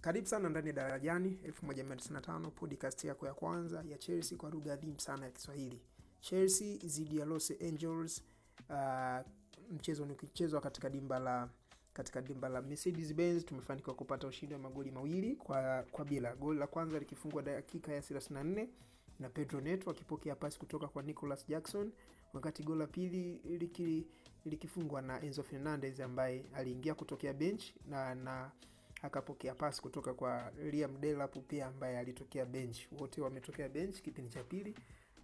Karibu sana ndani ya Darajani 1995 podcast yako ya kwanza ya Chelsea kwa lugha adhimu sana ya Kiswahili. Chelsea dhidi ya Los Angeles. Uh, mchezo ni kuchezwa katika dimba la katika dimba la Mercedes Benz. Tumefanikiwa kupata ushindi wa magoli mawili kwa kwa bila. Goli la kwanza likifungwa dakika ya 34 na Pedro Neto akipokea pasi kutoka kwa Nicholas Jackson, wakati goli la pili likifungwa liki na Enzo Fernandez ambaye aliingia kutokea bench na na akapokea pasi kutoka kwa Liam Delap pia ambaye alitokea bench. Wote wametokea bench kipindi cha pili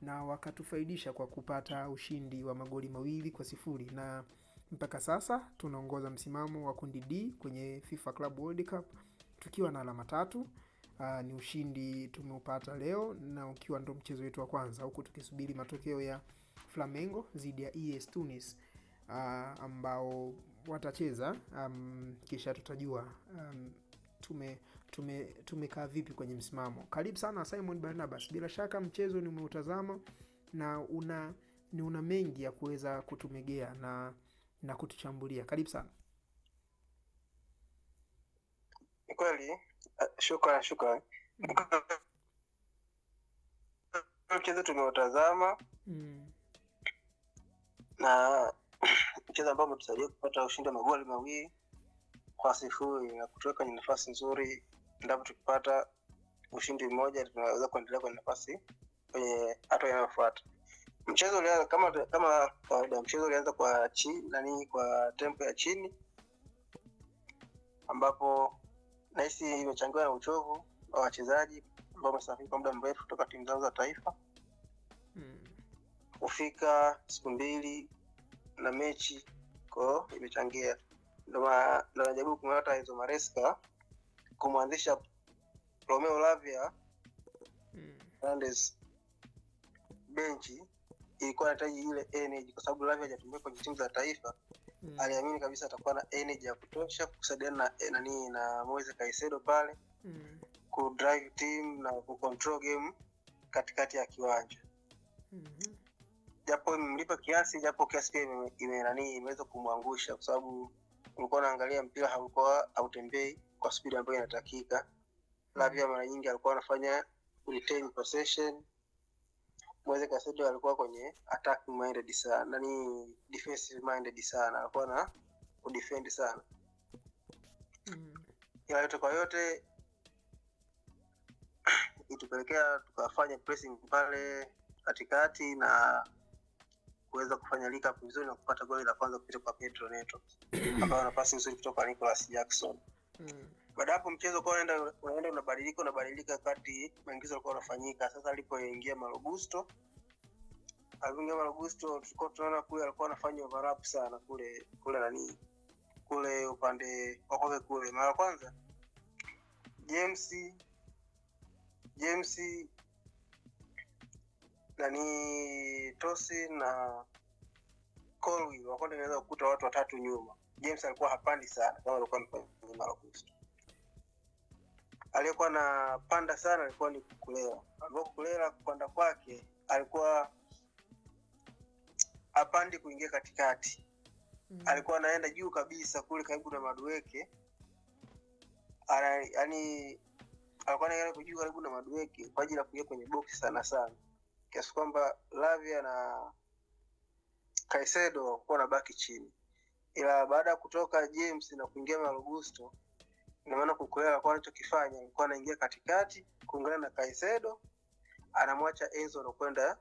na wakatufaidisha kwa kupata ushindi wa magoli mawili kwa sifuri na mpaka sasa tunaongoza msimamo wa kundi D kwenye FIFA Club World Cup tukiwa na alama tatu. Aa, ah, ni ushindi tumeupata leo na ukiwa ndo mchezo wetu wa kwanza, huku tukisubiri matokeo ya Flamengo dhidi ya ES Tunis, ah, ambao watacheza um, kisha tutajua um, tume tumekaa tume vipi kwenye msimamo. Karibu sana Simon Barnabas, bila shaka mchezo ni umeutazama na una ni una mengi ya kuweza kutumegea na na kutuchambulia. Karibu sana. Ni kweli, shukran eh, shukran. Mchezo tumeutazama mm. na mchezo ambao umetusaidia kupata ushindi wa magoli mawili kwa sifuri na kutoka kwenye nafasi nzuri. Endapo tukipata ushindi mmoja, tunaweza kuendelea kwenye nafasi kwenye hatua inayofuata. Mchezo ulianza kama kama kawaida, mchezo ulianza kwa chini nani, kwa tempo ya chini, ambapo nahisi imechangiwa na uchovu wa wachezaji ambao wamesafiri kwa muda mrefu kutoka timu zao za taifa hmm. kufika siku mbili na mechi kwao imechangia, ndo najaribu kumleta hizo mareska kumwanzisha Romeo Lavia Fernandes hmm. mm. benchi ilikuwa nahitaji ile energy kwa sababu Lavia hajatumia kwenye timu za taifa mm. aliamini kabisa atakuwa na energy ya kutosha kusaidiana na nani na Moise kaisedo pale mm. ku team na ku game katikati ya kiwanja mm -hmm japo imemlipa kiasi, japo kiasi pia imenani imeweza kumwangusha, kwa sababu ulikuwa unaangalia mpira haukuwa hautembei kwa spidi ambayo inatakika, na pia mara nyingi alikuwa anafanya retain possession. Moises Caicedo alikuwa kwenye attack minded sana, nani defensive minded sana, alikuwa na kudefend sana mm. Ila yote kwa yote itupelekea tukafanya pressing pale katikati na kuweza kufanya lika vizuri na kupata goli la kwanza kupita kwa Pedro Neto ambayo na pasi nzuri kutoka kwa Nicolas Jackson. Mm. Baada hapo mchezo kwa unaenda unaenda unabadilika unabadilika kati maingizo yalikuwa yanafanyika. Sasa alipoingia Malogusto alipoingia Malogusto tulikuwa tunaona kule alikuwa anafanya overlap sana kule kule nani kule upande wa kule kule mara kwanza James James nani Tosi na Colwill wakonde inaweza kukuta watu watatu nyuma. James alikuwa hapandi sana kama alikuwa mpenzi mara kusto. Aliyekuwa na panda sana alikuwa ni kulela Alikuwa kulela kupanda kwake alikuwa hapandi kuingia katikati. Mm. Alikuwa anaenda juu kabisa kule karibu na Madueke. Ana yani alikuwa anaenda juu karibu na Madueke kwa ajili ya kuingia kwenye boksi sana sana kiasi kwamba Lavia na kuwa na baki chini, ila baada ya kutoka James na kuingia Malogusto, ina maana Kukwela alikuwa anachokifanya alikuwa anaingia katikati kuungana na Kaisedo, anamwacha Enzo anakwenda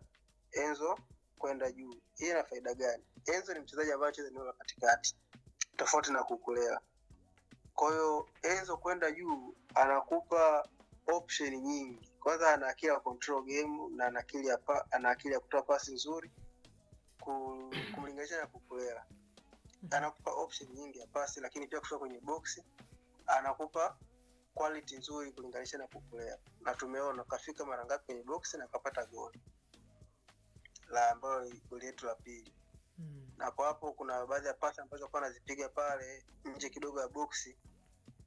Enzo kwenda juu. Hii ina faida gani? Enzo ni mchezaji ambaye anacheza eneo la katikati tofauti na Kukulela. Kwa hiyo Enzo kwenda juu anakupa option nyingi. Kwanza ana akili ya control game na ana akili ya ana akili ya kutoa pasi nzuri kumlinganisha na kukulea. Anakupa option nyingi ya pasi, lakini pia kutoka kwenye box anakupa quality nzuri kulinganisha na kukulea. na tumeona kafika mara ngapi kwenye box na kapata goli la ambayo goli yetu la pili hmm. na kwa hapo kuna baadhi ya pasi ambazo kwa anazipiga pale nje kidogo ya box.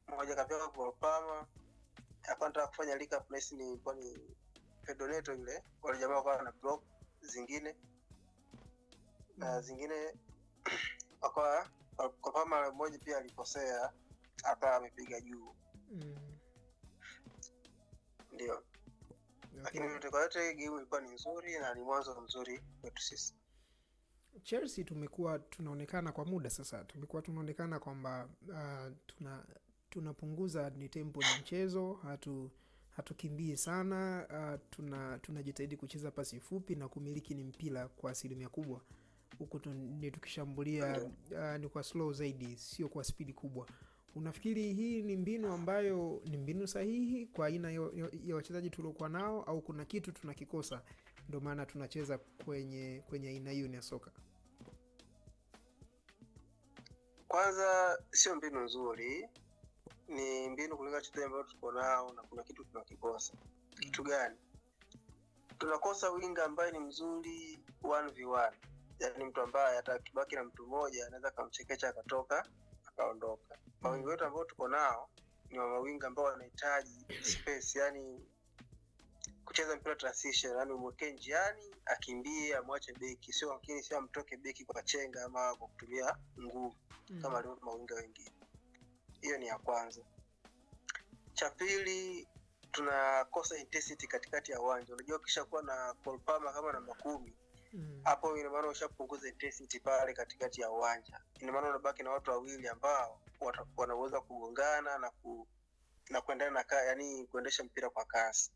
moja kapiga kwa Palmer hapa nataka kufanya link up place ni kwa ni Fedoneto ile, wale jamaa wakawa na block zingine na mm. zingine wakawa kwa kama mara moja pia alikosea hata amepiga juu mm. Ndio lakini yote kwa yote game ilikuwa ni nzuri na ni mwanzo mzuri kwetu sisi Chelsea. Tumekuwa tunaonekana kwa muda sasa, tumekuwa tunaonekana kwamba uh, tuna tunapunguza ni tempo ya mchezo, hatu hatukimbii sana uh, tuna tunajitahidi kucheza pasi fupi na kumiliki ni mpira kwa asilimia kubwa, huku ni tukishambulia uh, ni kwa slow zaidi, sio kwa spidi kubwa. Unafikiri hii ni mbinu ambayo ni mbinu sahihi kwa aina ya wachezaji tuliokuwa nao, au kuna kitu tunakikosa ndio maana tunacheza kwenye kwenye aina hiyo ya soka? Kwanza sio mbinu nzuri ni mbinu kulinga chote ambayo tuko nao, na kuna kitu tunakikosa. Kitu gani? Tunakosa winga ambaye ni mzuri one v one, yaani mtu ambaye hata akibaki na mtu mmoja anaweza akamchekecha akatoka akaondoka. Mawinga wetu ambao tuko nao ni mawingi ambao wanahitaji space, yani kucheza mpira transition, yani umwekee njiani akimbie, amwache beki, sio lakini sio amtoke beki kwa chenga ama kwa kutumia nguvu kama mm. alivyo mawinga wengine. Hiyo ni ya kwanza. Cha pili tunakosa intensity katikati ya uwanja. Unajua, kuwa na Kolpama kama namba kumi mm. hapo mm, inamaana ushapunguza intensity pale katikati ya uwanja, inamaana unabaki na watu wawili ambao wanaweza kugongana na ku, na kuendana na yani kuendesha mpira kwa kasi.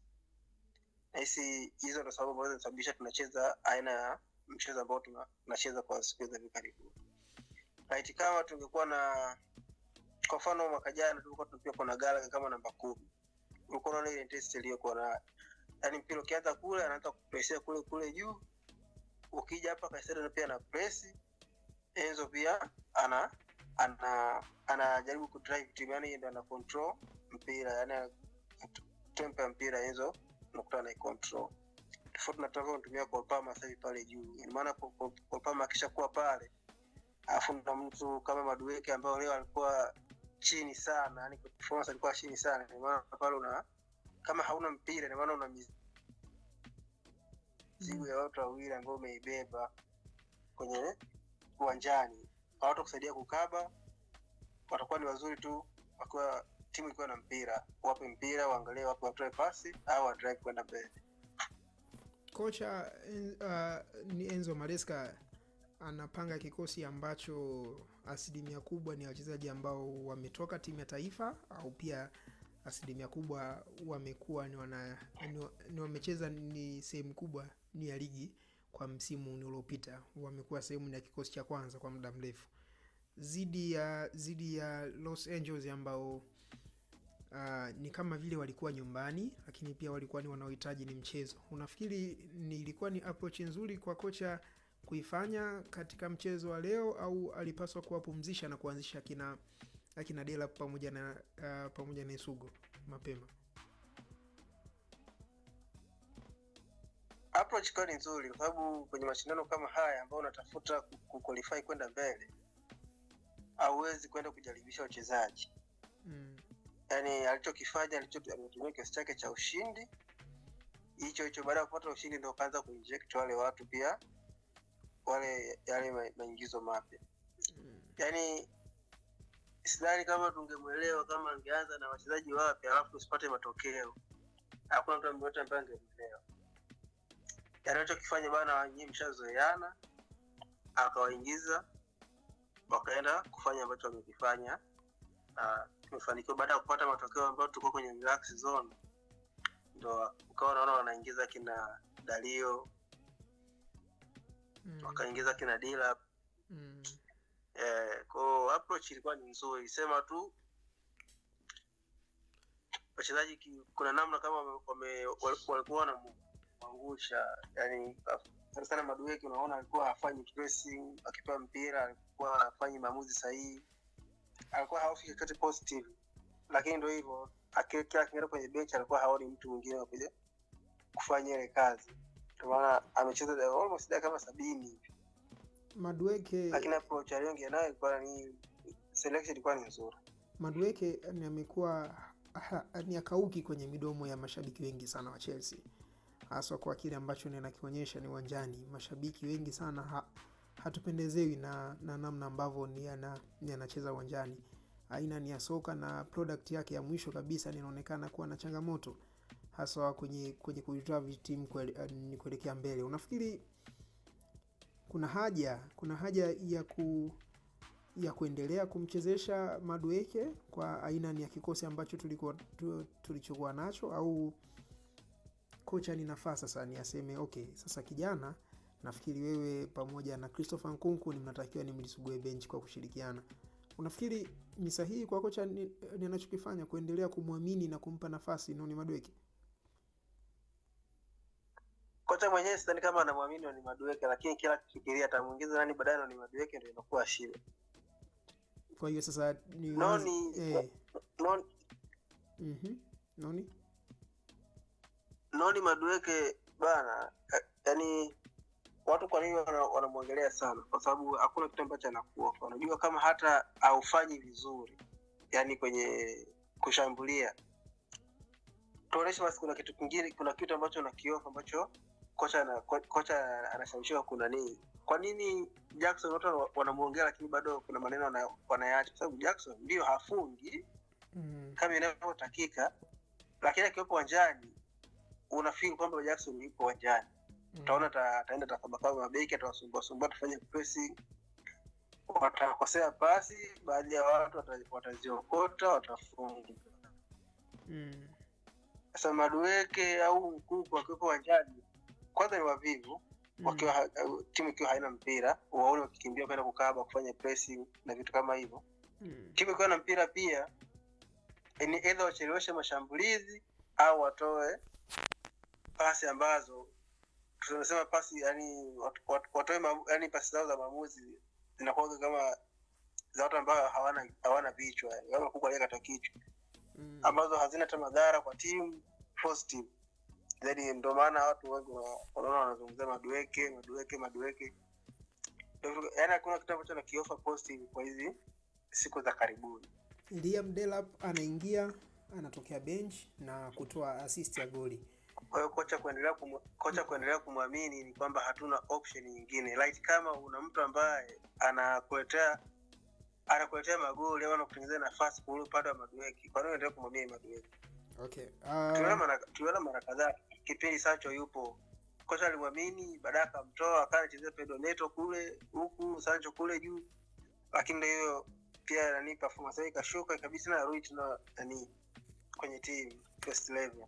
Nahisi hizo ndo sababu ambazo zinasababisha tunacheza aina ya mchezo ambao tunacheza kwa siku za hivi karibuni. Right, kama tungekuwa na kwa mfano mwaka jana tulikuwa tunapiga kona Gallagher kama namba kumi, ulikuwa unaona ile intensity iliyokuwa nayo, yaani mpira ukianza kule anaanza kupresia kule kule juu, ukija hapa Kaiserdo pia ana presi, Enzo pia ana ana anajaribu ku drive timu, yani ndo ana control mpira, yani tempo ya mpira Enzo nakuta na control tofauti na tunavyotumia kwa Palmer sasa hivi pale juu, ina maana kwa Palmer akishakuwa pale afu na mtu kama Madueke ambao leo alikuwa chini sana, yani performance alikuwa chini sana, ndio maana pale una kama hauna mpira, ni maana una mizigo ya watu wawili ambao umeibeba kwenye uwanjani, kusaidia kukaba, watakuwa ni wazuri tu wakiwa timu ikiwa na mpira, wape mpira, waangalie wape watoe pasi au wadrive kwenda mbele. Kocha uh, ni Enzo Maresca anapanga kikosi ambacho asilimia kubwa ni wachezaji ambao wametoka timu ya taifa au pia asilimia kubwa wamekuwa ni, wana, ni, ni wamecheza ni sehemu kubwa ni ya ligi kwa msimu uliopita, wamekuwa sehemu ya kikosi cha kwanza kwa muda mrefu zidi ya zidi ya Los Angeles ambao Uh, ni kama vile walikuwa nyumbani lakini pia walikuwa ni wanaohitaji ni mchezo. Unafikiri nilikuwa ni approach nzuri kwa kocha kuifanya katika mchezo wa leo au alipaswa kuwapumzisha na kuanzisha akina akina Dela pamoja na uh, pamoja na Isugo mapema? Approach kwa ni nzuri, kwa sababu kwenye mashindano kama haya ambayo unatafuta kuqualify kwenda mbele, hauwezi kwenda kujaribisha wachezaji mm. Yani alichokifanya alichotumia kiasi chake cha ushindi hicho hicho, baada ya kupata ushindi ndio kaanza kuinject wale watu pia wale yale maingizo mapya mm. sidhani kama tungemwelewa kama angeanza na wachezaji wapya alafu usipate matokeo, hakuna mtu mmoja ambaye angemwelewa. Yanachokifanya bana, wanyinyi mshazoeana, akawaingiza wakaenda kufanya ambacho wamekifanya na tumefanikiwa. Baada ya kupata matokeo ambayo tulikuwa kwenye relax zone, ndo ukawa naona wanaingiza kina Dalio mm. wakaingiza kina Dila mm. eh, kwao approach ilikuwa ni nzuri, sema tu wachezaji kuna namna kama walikuwa wanamwangusha yani sana sana Madueke, unaona alikuwa hafanyi pressing, akipewa mpira alikuwa hafanyi maamuzi sahihi, alikuwa haofi chochote positive, lakini ndo hivyo akiingia kwenye bench alikuwa haoni mtu mwingine wa kufanya ile kazi. Kwa maana amecheza almost dakika kama sabini hivi. Madueke lakini naye kwa ni selection ilikuwa ni nzuri. Madueke ni amekuwa ni akauki kwenye midomo ya mashabiki wengi sana wa Chelsea haswa kwa kile ambacho ninakionyesha ni uwanjani. Mashabiki wengi sana ha, hatupendezewi na, na namna ambavyo ni anacheza uwanjani. Aina ni ya soka na product yake ya mwisho kabisa inaonekana kuwa na changamoto hasa kwenye kwenye kuidrive timu kwele, eh, kuelekea mbele. Unafikiri kuna haja kuna haja ya ku ya kuendelea kumchezesha Madueke kwa aina ya kikosi ambacho tulikuwa tu, tulichokuwa nacho, au kocha ni nafasi sasa ni aseme okay, sasa kijana, nafikiri wewe pamoja na Christopher Nkunku ni mnatakiwa ni mlisugue bench kwa kushirikiana. Unafikiri ni sahihi kwa kocha ni anachokifanya kuendelea kumwamini na kumpa nafasi Noni Madueke? kocha mwenyewe sidhani kama anamwamini ni Madueke, lakini kila kifikiria atamuingiza nani baadaye ni Madueke ndio inakuwa shida. Kwa hiyo sasa ni Noni eh. Non... Mm-hmm. Noni Noni Madueke bana, eh, yani watu kwa nini wanamwangalia sana? Kwa sababu hakuna kitu ambacho anakuwa unajua kama hata haufanyi vizuri, yani kwenye kushambulia, tuoneshe basi kuna kitu kingine, kuna kitu ambacho unakiofa ambacho kocha na kocha anashawishiwa kunanii kwa nini Jackson watu wanamwongea, lakini bado kuna maneno wanayaacha, kwa sababu Jackson ndio hafungi mm. kama inavyotakika, lakini akiwepo wanjani unafikiri kwamba Jackson yupo uwanjani mm. utaona ataenda tafabakaa mabeki, atawasumbuasumbua, atafanya pressing, watakosea pasi, baadhi ya watu wataziokota, watafunga. mm. Madueke au Mkuku akiwepo wanjani kwanza ni wavivu mm. timu ikiwa haina mpira waone wakikimbia kwenda kukaba kufanya pressing na vitu kama hivyo mm. timu ikiwa na mpira pia ni edha wacheleweshe mashambulizi au watoe pasi ambazo tunasema pasi yani watoe yani pasi zao za maamuzi zinakuwa kama za watu ambayo hawana hawana vichwa kubwa kata kichwa mm. ambazo hazina hata madhara kwa timu positive Yaani ndo maana watu wengi wanaona wanazungumzia madueke madueke madueke, yani hakuna kitu ambacho nakiofa positive kwa hizi siku za karibuni. Liam Delap anaingia anatokea bench na kutoa assist ya goli. Kwa hiyo kocha kuendelea kumu, kocha kuendelea kumwamini ni kwamba hatuna option nyingine. Like kama una mtu ambaye anakuletea anakuletea magoli au anakutengenezea nafasi kwa ule upande wa madueki kwa nini endelea kumwamini madueki Okay. Uh... mara kadhaa kipindi yupo kocha alimwamini, baadaye akamtoa anachezea Neto kule huku Sancho kule juu, lakini hiyo pia nani ikashuka kabisa na nani kwenye first level.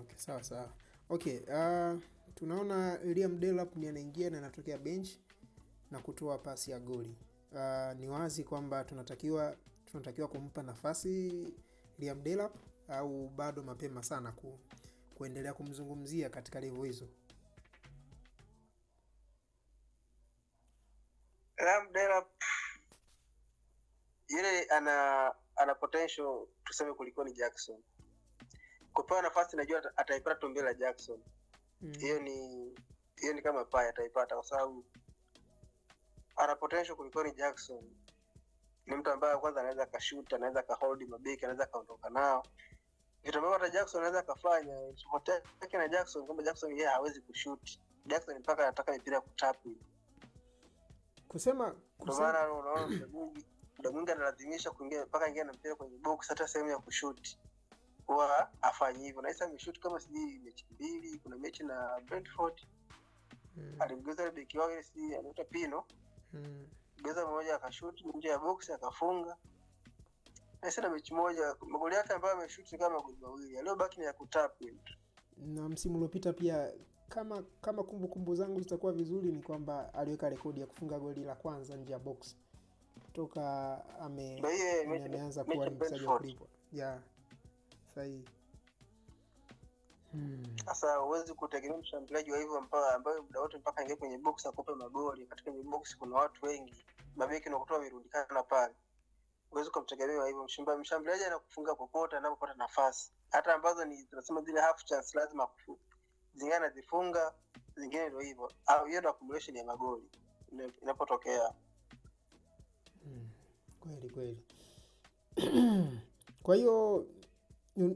Okay, sawa sawa. Okay, uh, tunaona Liam Delap anaingia na anatokea bench na kutoa pasi ya goli. Uh, ni wazi kwamba tunatakiwa tunatakiwa kumpa nafasi Liam Delap au bado mapema sana ku, kuendelea kumzungumzia katika levo hizo? Labda yule ana ana potential tuseme kuliko ni Jackson. Kupewa nafasi najua ataipata tumbele ya Jackson mm. hiyo mm. ni hiyo ni kama paya ataipata kwa sababu ana potential kuliko ni Jackson. Ni mtu ambaye kwanza anaweza akashuta, anaweza akahold mabeki, anaweza akaondoka nao, Ikitokea hata Jackson anaweza yake na Jackson kwamba Jackson yeye hawezi kushoot. Jackson mpaka anataka mipira kutap. Kusema kusema unaona mwingi analazimisha kuingia mpaka ingia na mpira kwenye box hata sehemu ya kushoot. Huwa afanyi hivyo. ameshoot kama sijui mechi mbili, kuna mechi na Brentford. Hmm. beki si Pino. Hmm. mmoja nje ya box akafunga na mechi moja, magoli yake ambayo ameshuti kama magoli mawili, aliyobaki ni ya kutap. Na msimu uliopita pia kama kama kumbukumbu kumbu zangu zitakuwa vizuri, ni kwamba aliweka rekodi ya kufunga goli la kwanza nje ya box toka ame, ameanza kuwa ni mchezaji wa kulipwa ya Sahihi. Hmm. Sasa hmm, huwezi kutegemea mshambuliaji wa hivyo ambayo muda wote mpaka aingie kwenye box akupe magoli. Katika box kuna watu wengi, mabeki nakutoa virundikana pale huwezi ukamtegemea hivyo. Mshambuliaji anakufunga popote anapopata nafasi, hata ambazo ni tunasema zile half chance, lazima Zingine anazifunga, zingine ndo hivyo. Hiyo ndo accumulation ya magoli inapotokea. Hmm, kweli kweli. Kwa hiyo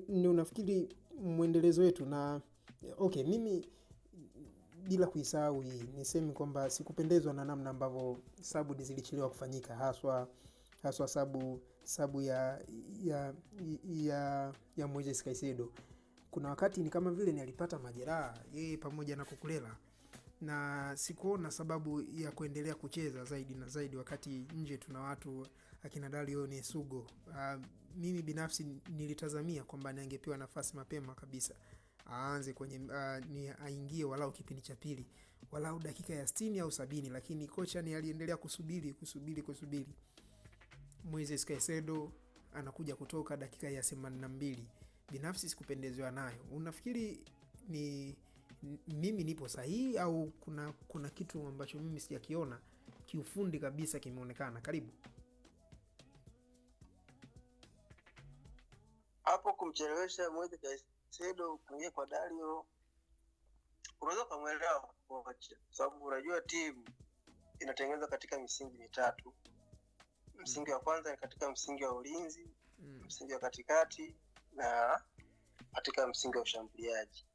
ni unafikiri mwendelezo wetu na okay, mimi bila kuisahau hii niseme kwamba sikupendezwa na namna ambavyo sabudi zilichelewa kufanyika haswa haswa sabu sabu ya ya ya, ya Moises Caicedo. Kuna wakati ni kama vile nilipata majeraha yeye pamoja na Kukulela na sikuona sababu ya kuendelea kucheza zaidi na zaidi, wakati nje tuna watu akina Dalione Sugo. Uh, ah, mimi binafsi nilitazamia kwamba ningepewa nafasi mapema kabisa aanze kwenye uh, ni aingie walau kipindi cha pili walau dakika ya sitini au sabini, lakini kocha ni aliendelea kusubiri kusubiri kusubiri. Moises Caicedo anakuja kutoka dakika ya 82. Binafsi sikupendezwa nayo. Unafikiri ni mimi nipo sahihi au kuna kuna kitu ambacho mimi sijakiona kiufundi kabisa kimeonekana? Karibu hapo kumchelewesha Moises Caicedo kuingia kwa Dario, unaweza ukamwelewa kocha, sababu unajua timu inatengenezwa katika misingi mitatu Msingi wa kwanza ni katika msingi wa ulinzi mm. msingi wa katikati na katika msingi wa ushambuliaji.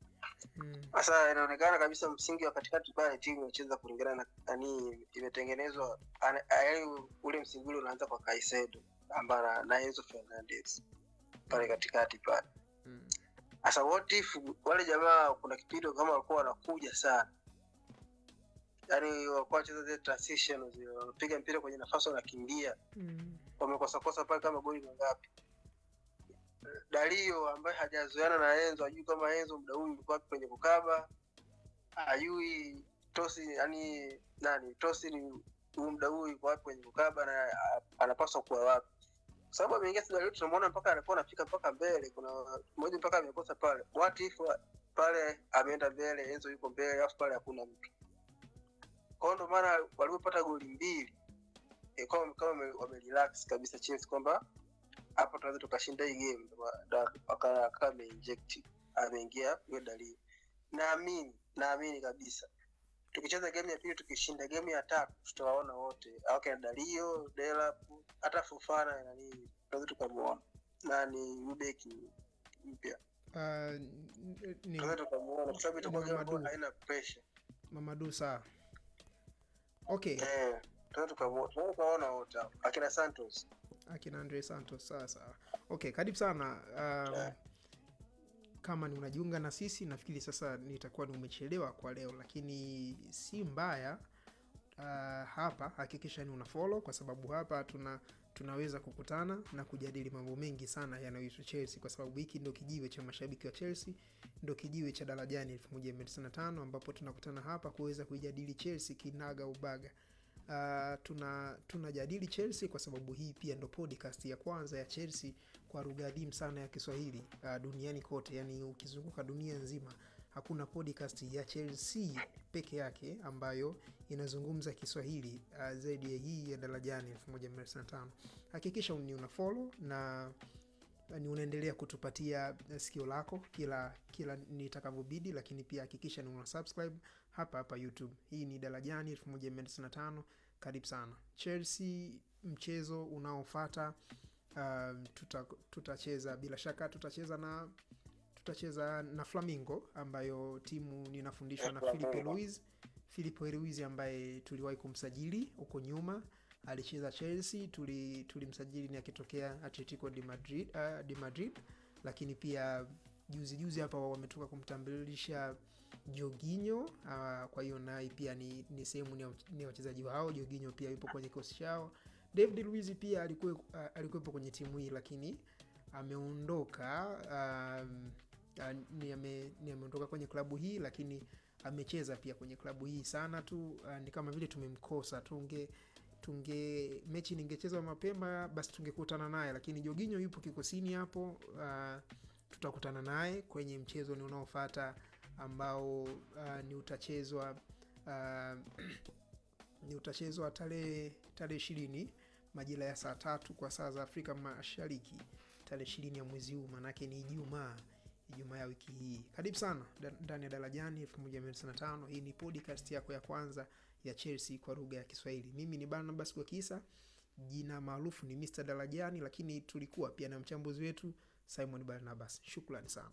Mm. Sasa mm. inaonekana kabisa msingi wa katikati pale timu imecheza kulingana na nani imetengenezwa, yaani ule msingi ule unaanza kwa Kaisedo ambaye na Enzo Fernandez pale mm. katikati pale. Mm. Sasa mm. what if wale jamaa kuna kipindi kama walikuwa wanakuja sana yani wakuwa wacheza zile transition zile, wanapiga mpira kwenye nafasi wanakimbia, mm. wamekosa kosa pale kama goli mangapi. dalio ambaye hajazoeana na Enzo, ajui kama Enzo muda huu yuko wapi kwenye kukaba, ajui tosi yani nani tosi ni huu muda huu yuko wapi kwenye kukaba na anapaswa kuwa wapi, kwa sababu ameingia sasa Dario, tunamwona mpaka anakuwa anafika mpaka mbele, kuna mmoja mpaka amekosa pale. What if pale ameenda mbele, Enzo yuko mbele, afu pale hakuna mtu kwa hiyo ndio maana walipopata goli mbili e, kama kama wamerelax kabisa Chelsea kwamba hapa tunaweza tukashinda hii game, akakaa ameinject, ameingia hiyo dalili. Naamini naamini kabisa tukicheza game ya pili, tukishinda game ya tatu, tutawaona wote awake na Dalio dela hata Fofana nani, tunaweza tukamuona nani mbeki mpya uh, ni... tunaweza tukamuona kwa sababu itakuwa game haina pressure Mamadu saa Okay. Eh, tukaona wote akina Santos, akina Andre Santos. Sawa sawa, okay, karibu sana um, yeah. Kama ni unajiunga na sisi, nafikiri sasa nitakuwa ni umechelewa kwa leo, lakini si mbaya. Uh, hapa hakikisha ni una follow kwa sababu hapa tuna tunaweza kukutana na kujadili mambo mengi sana yanayohusu Chelsea kwa sababu hiki ndio kijiwe cha mashabiki wa Chelsea, ndio kijiwe cha Darajani 1995 ambapo tunakutana hapa kuweza kuijadili Chelsea kinaga ubaga. Uh, tuna tunajadili Chelsea kwa sababu hii pia ndo podcast ya kwanza ya Chelsea kwa lugha adimu sana ya Kiswahili uh, duniani kote, yani ukizunguka dunia nzima hakuna podcast ya Chelsea peke yake ambayo inazungumza Kiswahili uh, zaidi ya hii ya Darajani 1905. Hakikisha ni una follow na uh, ni unaendelea kutupatia uh, sikio lako kila kila nitakavyobidi, lakini pia hakikisha ni una subscribe hapa hapa YouTube. Hii ni Darajani 1905. Karibu sana. Chelsea mchezo unaofuata, uh, tutacheza tuta bila shaka tutacheza na tutacheza na Flamingo ambayo timu ninafundishwa na Filipe Luis. Filipe Luis ambaye tuliwahi kumsajili huko nyuma, alicheza Chelsea, tuli tulimsajili ni akitokea Atletico de Madrid, uh, de Madrid, lakini pia juzi juzi hapa wametoka kumtambulisha Jorginho. Uh, kwa hiyo naye pia ni, ni sehemu ni wachezaji wao. Jorginho pia yupo kwenye kikosi chao. David Luiz pia alikuwa uh, kwenye timu hii lakini ameondoka um, ameondoka kwenye klabu hii lakini amecheza pia kwenye klabu hii sana tu. Ah, ni kama vile tumemkosa. Tunge tunge mechi ningechezwa mapema basi tungekutana naye, lakini joginyo yupo kikosini hapo. Uh, tutakutana naye kwenye mchezo ni unaofata ambao uh, ni utachezwa uh, ni utachezwa tarehe tarehe ishirini majira ya saa tatu kwa saa za Afrika Mashariki, tarehe ishirini ya mwezi huu, maanake ni jumaa Ijumaa ya wiki hii. Karibu sana ndani ya Darajani 1905. Hii ni podcast yako ya kwanza ya Chelsea kwa lugha ya Kiswahili. Mimi ni Barnabas Gwakisa, jina maarufu ni Mr Darajani, lakini tulikuwa pia na mchambuzi wetu Simon Barnabas. Shukrani sana.